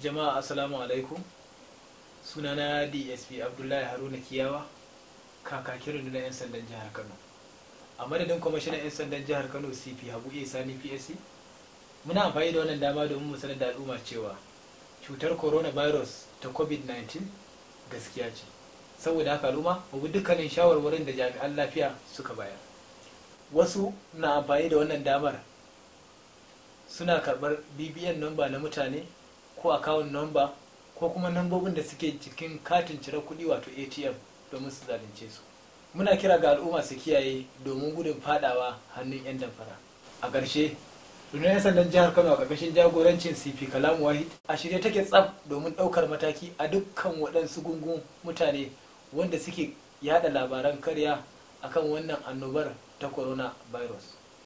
jama'a assalamu alaikum sunana dsp abdullahi haruna kiyawa kakakin rundunar 'yan sandan jihar kano a madadin kwamishinan 'yan sandan jihar kano cp habu iya sani psc muna amfani da wannan dama domin mu sanar da al'umma cewa cutar coronavirus ta covid-19 gaskiya ce saboda haka al'umma mu dukkanin shawarwarin da jami'an lafiya suka bayar wasu na amfani da wannan damar suna karɓar bbn namba na mutane ko account number ko kuma nambobin da suke cikin katin cire kuɗi wato atm domin su zalunce su muna kira ga al'umma su kiyaye domin gudun fadawa hannun 'yan damfara a ƙarshe rundunar 'yan sandan jihar kano a ƙarƙashin jagorancin cp kalamu wahid a shirye take tsaf domin ɗaukar mataki a dukkan waɗansu gungun mutane wanda suke yaɗa labaran karya akan wannan annobar ta coronavirus